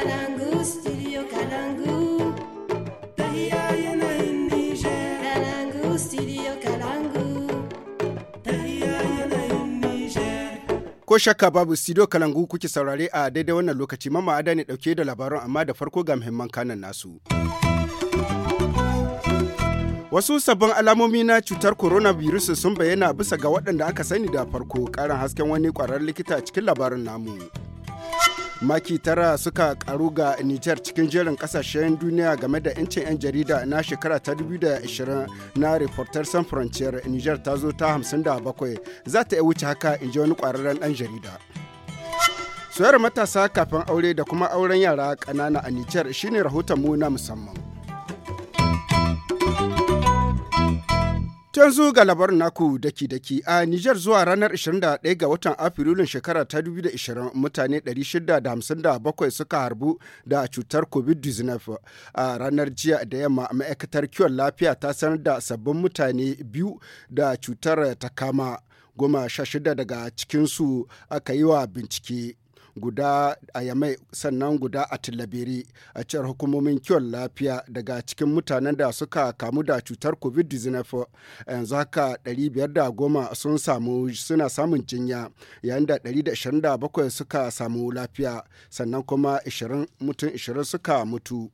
Kalangu, Ko shakka babu studio Kalangu kuke saurare a daidai wannan lokaci mama ada ne dauke da labaran amma da farko ga muhimman kanan nasu. Wasu sabbin alamomi na cutar coronavirus sun bayyana bisa ga waɗanda aka sani da farko ƙarin hasken wani ƙwararren likita cikin labarin namu. maki tara suka karu ga niger cikin jerin kasashen duniya game da 'yancin 'yan jarida na shekara ta 2020 na Reporter San Frontier niger ta zo ta 57 za ta iya wuce haka in ji wani kwararren ɗan jarida. Soyar matasa kafin aure da kuma auren yara ƙanana a niger shine rahoton mu na musamman. yanzu ga labarin naku daki-daki a Nijar zuwa ranar 21 ga watan Afrilun shekara ta 2020 mutane 657 suka harbu da cutar COVID-19 a ranar jiya da yamma ma'aikatar kiwon lafiya ta sanar da sabbin mutane biyu da cutar ta kama goma sha shida daga cikinsu aka yi wa bincike. guda a Yamai sannan guda a tilabiri a cewar hukumomin kiwon lafiya daga cikin mutanen da suka kamu da cutar COVID-19 yanzu haka 510 sun samu suna samun jinya yayin da 127 suka samu lafiya sannan kuma 20 mutum 20 suka mutu.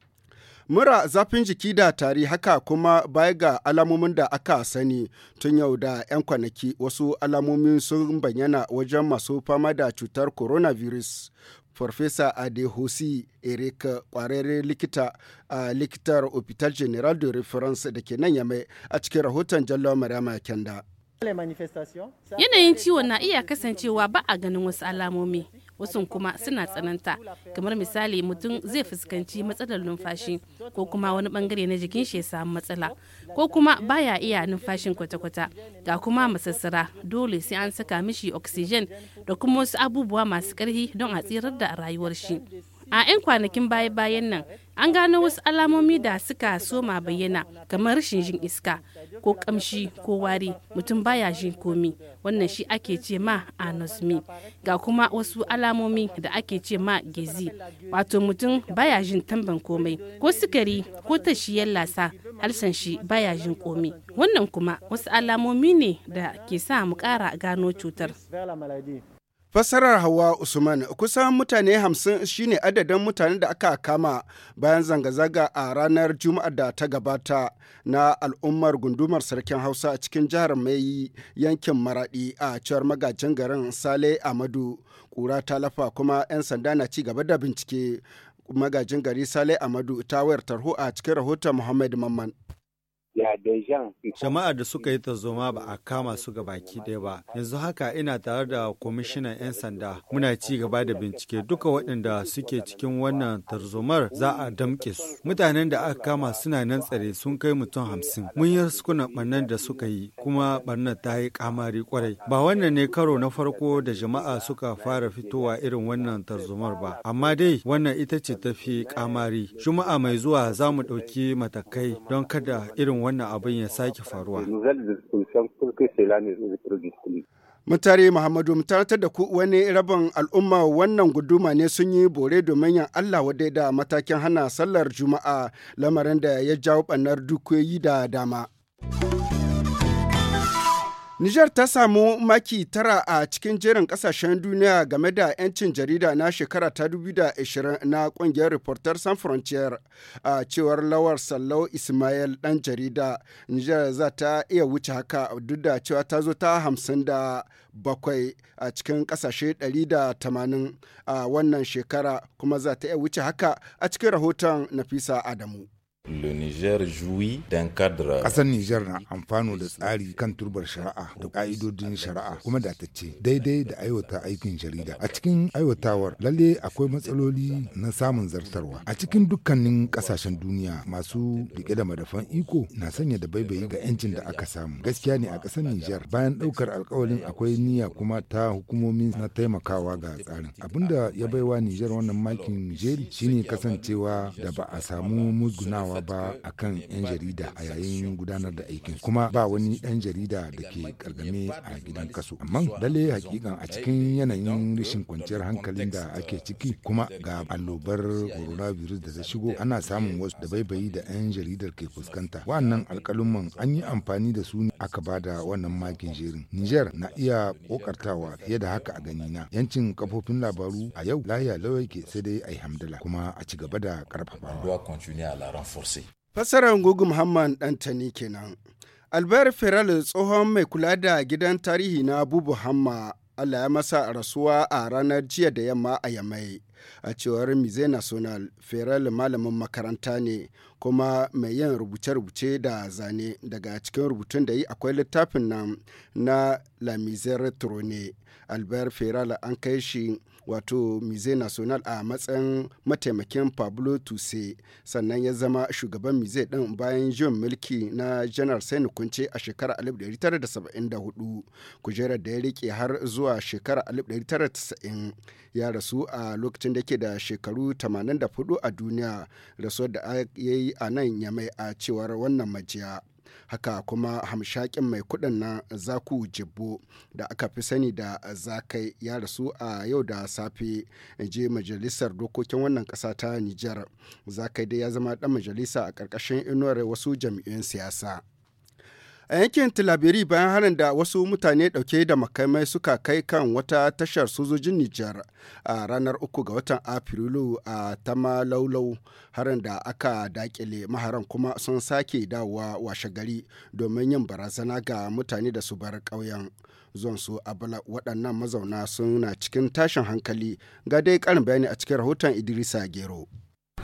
Mura zafin jiki da tari haka kuma baya ga alamomin da aka sani tun yau da 'yan kwanaki wasu alamomin sun bayyana wajen masu fama da cutar coronavirus. Farfesa Adehosi Eric kwararre likita a likitar Hospital General de Reference da ke nan yamai a cikin rahoton jallon Mariama Kenda. Yanayin ciwon na iya kasancewa ba a ganin wasu alamomi, wasu kuma suna tsananta, kamar misali mutum zai fuskanci matsalar numfashi ko kuma wani bangare na jikin shi ya samu matsala, ko kuma baya iya numfashin kwata-kwata, ga kuma masassara dole sai an saka mishi oxygen da kuma wasu abubuwa masu karhi don a tsirar da rayuwar shi. A 'yan kwanakin baya-bayan nan an gano wasu alamomi da suka soma bayyana kamar rashin jin iska ko kamshi ko wari mutum baya jin komi wannan shi ake ce ma anosmi ga kuma wasu alamomi da ake ce ma gezi wato mutum baya jin tamban komai ko sukari ko tashiyar lasa halsan shi baya jin komi wannan kuma wasu alamomi ne da ke sa mu kara gano cutar Fassarar Hawa Usman kusan mutane hamsin shine adadin mutanen da aka kama bayan zanga-zanga a ranar Juma'ar da ta gabata na al'ummar gundumar sarkin Hausa a cikin jihar Mai yankin Maradi a cewar magajin garin Sale Amadu. Kura ta lafa kuma 'yan sanda na ci gaba da bincike. Magajin gari Sale Amadu ta wayar tarho a cikin rahoton Muhammad Mamman. Jama'a da suka yi tarzoma ba a kama su ga baki ɗaya ba. Yanzu haka ina tare da kwamishinan 'yan sanda muna ci gaba da bincike duka waɗanda suke cikin wannan tarzomar za a damƙe su. Mutanen da aka kama suna nan tsare sun kai mutum hamsin. Mun yi sukunan ɓarnar da suka yi kuma ɓarnar ta yi ƙamari ƙwarai. Ba wannan ne karo na farko da jama'a suka fara fitowa irin wannan tarzomar ba. Amma dai wannan ita ce tafi ƙamari. Juma'a mai zuwa za mu ɗauki matakai don kada irin wannan abin ya sake faruwa. Mutare Muhammadu mutartar da ku wani rabin al'umma wannan guduma ne sun yi bore domin yin Allah wadai da matakin hana sallar Juma'a lamarin da ya jawo ɓannar dukiyoyi da dama. Nijar ta samu maki tara a cikin jerin kasashen duniya game da 'yancin jarida na shekara ta 2020 na kungiyar Reporters San Frontier a cewar Lawar Sallau Ismail dan jarida. Nijar za ta iya wuce haka duk da cewa ta zo ta hamsin da bakwai a cikin kasashe 180 a wannan shekara kuma za ta iya wuce haka a cikin rahoton Nafisa Adamu. Le Niger jouit d'un cadre. Asan Niger na amfano da tsari kan turbar shari'a da ƙa'idodin shari'a kuma da ta ce daidai da aiwata aikin jarida. A cikin aiwatawar lalle akwai matsaloli na samun zartarwa. A cikin dukkanin ƙasashen duniya masu riƙe da madafan iko na sanya da baibayi ga 'yancin da aka samu. Gaskiya ne a ƙasar Niger bayan ɗaukar alƙawarin akwai niyya kuma ta hukumomi na taimakawa ga tsarin. Abinda ya baiwa Niger wannan makin jeri shine kasancewa da ba a samu mugunawa. gazawa ba a kan 'yan jarida a yayin gudanar da aikin kuma ba wani yan jarida da ke kargame a gidan kaso amma lalle hakikan a cikin yanayin rashin kwanciyar hankalin da ake ciki kuma ga allobar coronavirus da ta shigo ana samun wasu da baibayi da 'yan jaridar ke fuskanta wannan alkaluman an yi amfani da su aka ba da wannan makin jerin niger na iya kokartawa fiye da haka a gani ganina yancin kafofin labaru a yau laya lawai ke sai dai a yi hamdala kuma a ci gaba da karfafawa sosai. Fassarar Gugu Muhammad Dantani kenan. Albert Ferrell tsohon mai kula da gidan tarihi na Abubu Hamma Allah ya masa rasuwa a ranar jiya da yamma a Yamai. a cewar mize national feral malamin makaranta ne kuma mai yin rubuce-rubuce da zane daga cikin rubutun da yi akwai littafin nan na la misere trone albert feral an kai shi wato mize national a matsayin mataimakin pablo tuse sannan ya zama shugaban mize din bayan jin mulki na janar sai kunce a shekarar 1974 kujerar da ya rike har zuwa shekarar 1990 ya rasu a lokacin da ke da shekaru 84 a duniya rasuwar da ya yi a nan ya mai a cewar wannan majiya. haka kuma hamshakin mai kudin na zaku jibbo da aka fi sani da zakai ya rasu a yau da safe je majalisar dokokin wannan kasa ta nijar zakai dai ya zama dan majalisa a ƙarƙashin inuwar wasu jam'iyyun siyasa A yankin tilabiri bayan harin da wasu mutane dauke da makamai suka kai kan wata tashar sojojin Nijar a ranar uku ga watan Afrilu a Tama Laulau harin da aka dakile maharan kuma sun sake dawowa washe gari domin yin barazana ga mutane da su bar ƙauyen. zuwan su abala waɗannan mazauna suna cikin tashin hankali ga dai ƙarin bayani a cikin rahoton Idrisa Gero.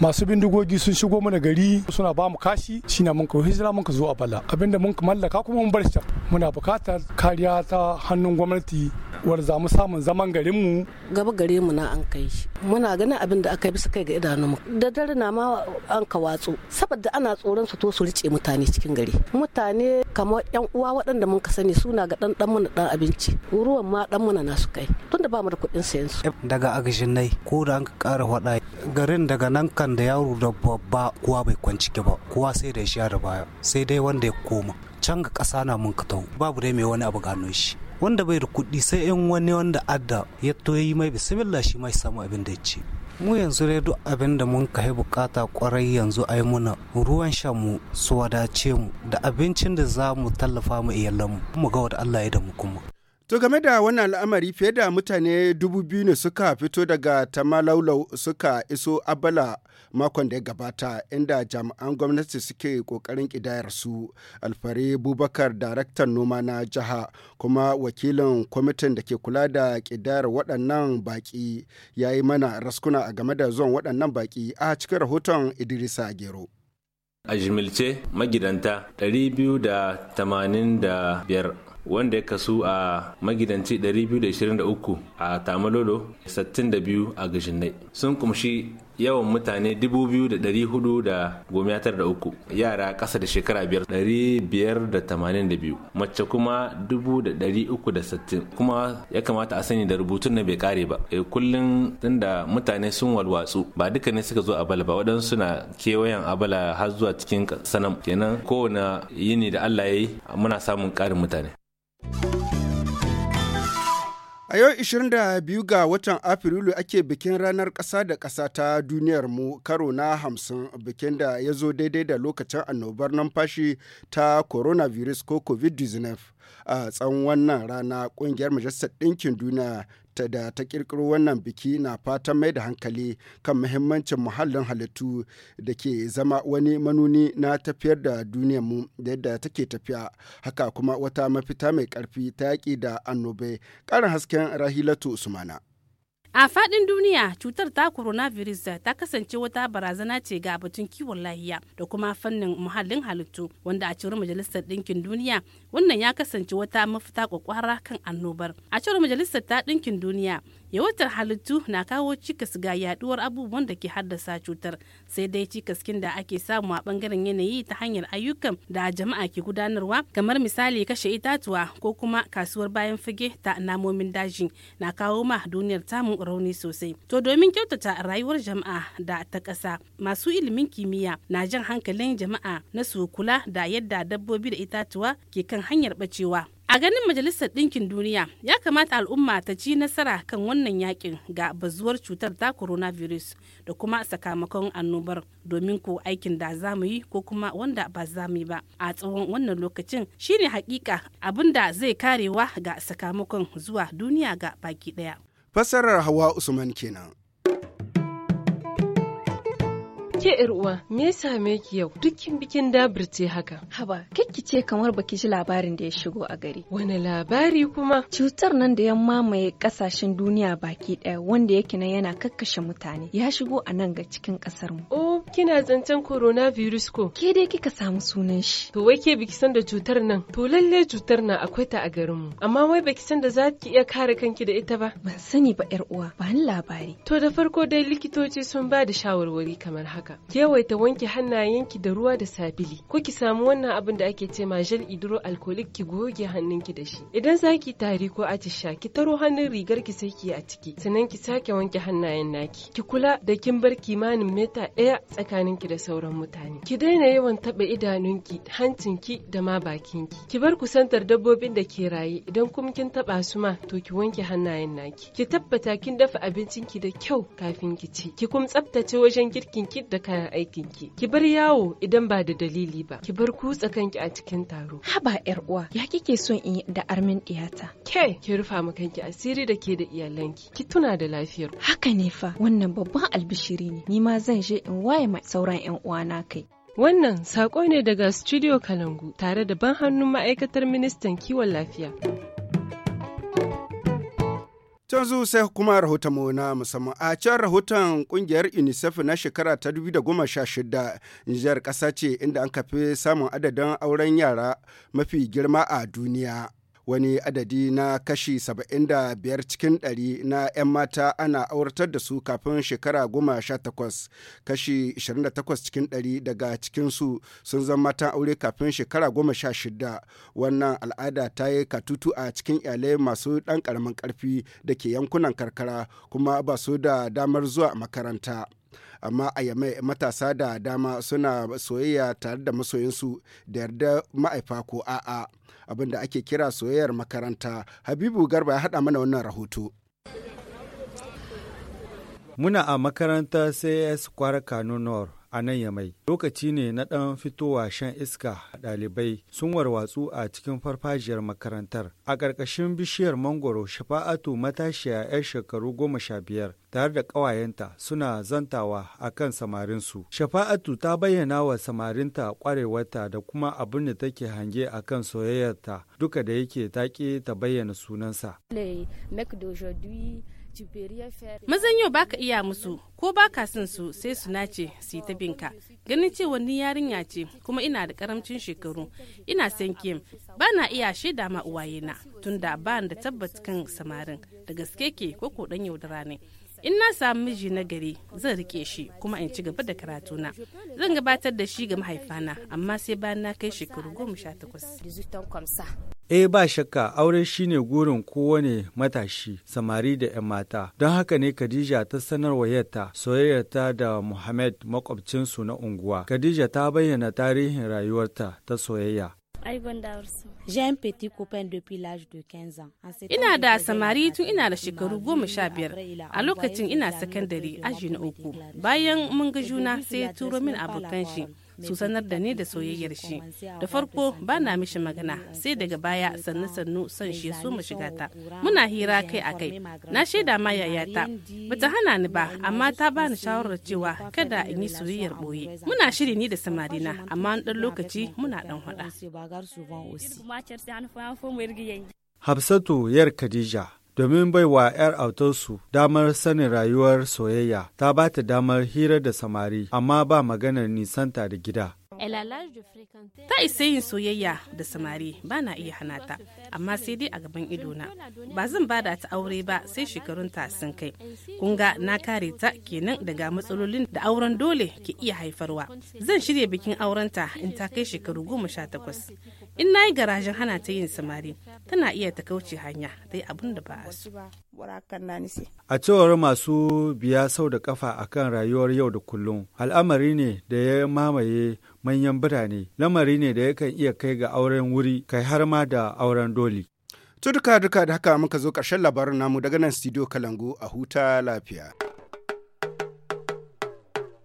masu bindigogi sun shigo mana gari suna ba mu kashi shine mun kawo hijira mun ka zo a bala abinda mun mallaka kuma mun bar shi muna bukatar kariya ta hannun gwamnati war za mu samun zaman garin mu gaba gare mu na an kai shi muna ganin abin da aka yi bisa kai ga mu da dare na ma an ka watsu saboda ana tsoron su to su rice mutane cikin gari mutane kamar yan uwa waɗanda mun ka sani suna ga dan dan mu dan abinci ruwan ma dan mu na su kai tunda ba mu da kuɗin sayan su daga agishin nai ko da an ka ƙara faɗa garin daga nan kan da yaro da babba kowa bai kwanci ba kowa sai da shi da baya sai dai wanda ya koma can ga ƙasa na mun ka babu dai mai wani abu gano shi wanda bai da kuɗi sai in wani wanda adda ya toyi mai bisimilla shi mai samu abin da ya ce mu yanzu dai duk abin da mun kai bukata kwarai yanzu ai muna ruwan shan mu su wadace mu da abincin da za mu tallafa mu iyalan mu ga da Allah ya da mu kuma To game da wannan al'amari fiye da mutane dubu biyu ne suka fito daga Tamalaulau suka iso Abala makon da ya gabata inda jami'an gwamnati suke kokarin kidayar su alfare bubakar daraktan noma na jiha kuma wakilin kwamitin da ke kula da kidayar waɗannan baƙi ya yi mana raskuna a game da zuwan waɗannan baƙi a cikin rahoton idrisa gero. a jimilce magidanta 285 wanda ya kasu a magidanci 223 a tamalolo 62 a gajinai sun kumshi yawan mutane 2,493 yara ƙasa da shekara 582 mace kuma 360 kuma ya kamata a sani da rubutun na bai kare ba e kullum tunda mutane sun walwatsu ba duka ne suka zo abala ba waɗansu na kewayen abala har zuwa cikin sanam kenan kowane yini da allah ya yi muna samun ƙarin mutane A yau 22 ga watan Afrilu ake bikin ranar ƙasa da ƙasa ta duniyar mu karo na hamsin bikin da ya zo daidai da lokacin annobar numfashi ta coronavirus ko COVID-19. a tsawon wannan rana kungiyar majalisar ɗinkin duniya ta da ta kirkiro wannan biki na fatan mai da hankali kan muhimmancin muhallin halittu da ke zama wani manuni na tafiyar da duniyar mu da yadda take tafiya haka kuma wata mafita mai ƙarfi ta yaƙi da annobai ƙarin hasken rahilatu usmana A faɗin duniya cutar ta coronavirus ta kasance wata barazana ce ga batun kiwon lahiya da kuma fannin muhallin halittu wanda a cewar majalisar ɗinkin duniya wannan ya kasance wata mafita kwakwara kan annobar. A cewar majalisar ta ɗinkin duniya yawatar halittu na kawo cikas ga yaduwar abubuwan da ke haddasa cutar sai dai cikaskin da ake samu a bangaren yanayi ta hanyar ayyukan da jama'a ke gudanarwa kamar misali kashe itatuwa ko kuma kasuwar bayan fage ta namomin daji na kawo ma duniyar tamu rauni sosai to domin kyautata rayuwar jama'a da ta ƙasa masu ilimin kimiyya na jan hankalin jama'a na su kula da yadda dabbobi da itatuwa ke kan hanyar bacewa a ganin majalisar ɗinkin duniya ya kamata al'umma ta ci nasara kan wannan yakin ga bazuwar cutar ta coronavirus da kuma sakamakon annobar domin ko aikin da za mu yi ko kuma wanda ba za mu yi ba a tsawon wannan lokacin shine hakika abin da zai karewa ga sakamakon zuwa duniya ga baki ɗaya. Fassarar Hawa Usman kenan. ke yar uwa me ya same ki yau dukkin bikin dabir ce haka haba kikki ce kamar baki ji labarin da ya shigo a gari wani labari kuma cutar nan da ya mamaye kasashen duniya baki ɗaya wanda yake nan yana kakkashe mutane ya shigo a nan ga cikin kasar mu oh, Kina zancen virus ko? Ke dai kika samu sunan shi. To wai ke biki san da cutar nan? To lalle cutar nan akwai ta a garin mu Amma wai baki san da za ki iya kare kanki da ita ba? Ban sani ba yar uwa, ba labari. To da farko dai likitoci sun ba da shawarwari kamar haka. Kewaita wanke hannayenki da ruwa da sabili. Ko ki samu wannan abin da ake ce ma gel hydro alcoholic ki goge hannunki da shi. Idan za ki tari ko atisha ki taro hannun rigar ki sai ki a ciki. Sannan ki sake wanke hannayen naki. Ki kula da kin bar kimanin mita ɗaya tsakaninki da sauran mutane ki daina yawan taɓa idanunki hancinki da ma bakinki ki bar kusantar dabbobin da ke raye idan kuma kin taɓa su ma to ki wanke hannayen naki ki tabbata kin dafa abincinki da kyau kafin ki ci ki kuma tsaftace wajen girkinki da kayan aikinki ki bar yawo idan ba da dalili ba ki bar kutsa kanki a cikin taro haba yar uwa ya kike son in yi da armin ɗiyata ke ki rufa ma kanki asiri da ke da iyalanki ki tuna da lafiyar haka ne fa wannan babban albishiri ne ni ma zan je in waye sauran 'yan uwana kai. Wannan saƙo ne daga Studio Kalangu tare da ban hannun ma'aikatar ministan kiwon lafiya. Canzu sai kuma mu na musamman a can rahoton kungiyar unicef na shekara ta goma sha 2016 nijar ƙasa ce inda an kafe samun adadin auren yara mafi girma a duniya wani adadi na kashi 75 cikin 100 na 'yan mata ana auratar da su kafin shekara 18 kashi 28 cikin 100 daga cikinsu sun zama matan aure kafin shekara 16 wannan al'ada ta yi katutu a cikin iyalai masu ɗan ƙaramin ƙarfi da ke yankunan karkara kuma ba su da damar zuwa makaranta. amma a yamai matasa da dama suna soyayya tare da masoyinsu da yarda ma'aifa ko a'a abin da ake kira soyayyar makaranta habibu garba ya haɗa mana wannan rahoto muna a makaranta cs kwara kano nor a nan yamai. Lokaci ne na ɗan fitowa shan iska a ɗalibai sun warwatsu a cikin farfajiyar makarantar. A ƙarƙashin bishiyar mangoro shafa'atu matashiya 'yar shekaru goma sha biyar tare da ƙawayenta suna zantawa a kan samarinsu. Shafa'atu ta bayyana wa samarinta ƙwarewarta da kuma abin da take hange a kan soyayyarta duka da yake ƙi ta bayyana sunansa. Mazan yau baka iya musu ko baka son su sai su nace su yi ta binka. Ganin cewa ni yarinya ce kuma ina da karamcin shekaru. Ina san kiyam ba na iya shaida ma uwayena tunda ba da tabbat kan samarin da gaske ke ko ko dan yaudara ne. in na samu miji na gari zan rike shi kuma in ci gaba da karatu na zan gabatar da shi ga mahaifana amma sai bayan na kai shekaru goma sha takwas Eh ba shakka aure shine gurin kowane matashi samari da 'yan mata. Don haka ne Khadija ta sanar wa soyayyarta da Muhammad makwabcinsu na unguwa. Khadija ta bayyana tarihin rayuwarta ta soyayya. Ina da samari tun ina da shekaru goma sha biyar a lokacin ina sakandare aji na uku. Bayan mun ga juna sai ya turo min abokan shi. su sanar da ni da soyayyar shi da farko ba na mishi magana sai daga baya sannu sannu son shi su mu shiga ta muna hira kai a kai na shaida ma yayata bata hana ni ba amma ta ba ni shawarar cewa kada in yi soyayyar boye muna shiri ni da samari na amma dan lokaci muna dan hada Hafsatu yar Khadija domin bai wa 'yar autarsu damar sanin rayuwar soyayya ta ba ta damar hira da samari amma ba maganar nisanta da gida. Ta isa yin soyayya da samari ba na iya hana ta, amma sai dai a gaban idona ba zan bada ta aure ba sai shekarun ta sun kai kun ga na kare ta kenan daga matsalolin da auren dole ke iya haifarwa zan shirya bikin auren ta in ta kai shekaru goma sha takwas in na yi garajin hana ta yin samari tana iya ta kauce hanya dai abin da ba a so. a cewar masu biya sau da kafa kan rayuwar yau da kullum al'amari ne da ya mamaye manyan birane lamari ne da yakan iya kai ga auren wuri kai har ma da auren dole doli. Tutuka duka duka da haka muka zo ƙarshen labarin namu daga nan studio Kalangu a huta lafiya.